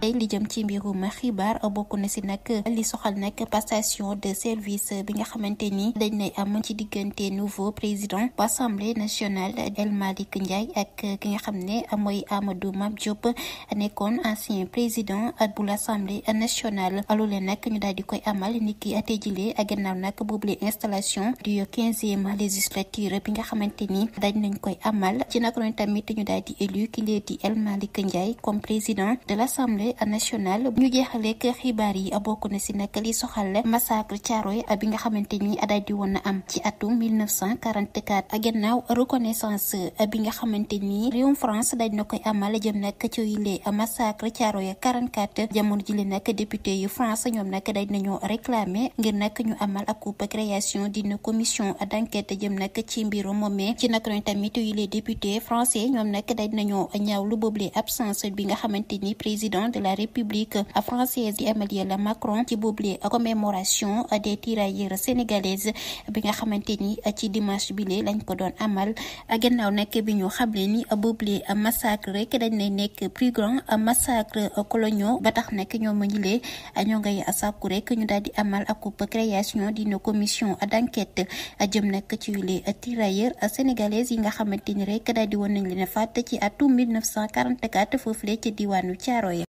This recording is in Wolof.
tey li jëm ci mbirum xibaar bokku na si nag li soxal nag passation de service bi nga xamante ni dañ nay am ci diggante nouveau président bu assemblée nationale El Malick Ndiaye ak ki nga xam ne mooy Amadou Mame Diop nekkoon ancien président bu l' assemblée nationale loole nag ñu daal di koy amal niki tey jile ak gannaaw nag boobule installation du quinzième législature bi nga xamante ni dañ nañ koy amal ci nag loolu tamit ñu daal di élu ki di El Malick Ndiaye comme président de l' assemblée nationale bu ñu jeexalee xibaar yi bokk na si nag li soxal massacre Thiaroye bi nga xamante ni daal di woon am ci atum 1944 gannaaw reconnaissance bi nga xamante ni réewum France dañ na koy amal jëm nag ci yile massacre Thiaroye 44 jamono jile nag député yu France ñoom nag dañ nañoo réclamer ngir nag ñu amal ak coupe création d'une commission d'enquête jëm nag ci mbiru moomee ci nag noonu tamit yile député français ñoom nag dañ nañoo ñaaw lu boobule absence de la République française di amal la Macron ci boobule commémoration des tirailleurs sénégalaises bi nga xamante ci dimanche bi lee ko doon amal gannaaw nag bi ñu xamle ni boobule massacre rek dañ lay nekk plus grand massacre coloniaux ba tax nag ñoom ñu lee ñoo ngay sàkku rek ñu daal di amal akub création d'une commission d'enquête jëm nag ci les tirailleurs sénégalaises yi nga xamante ni rek daal di woon nañ leen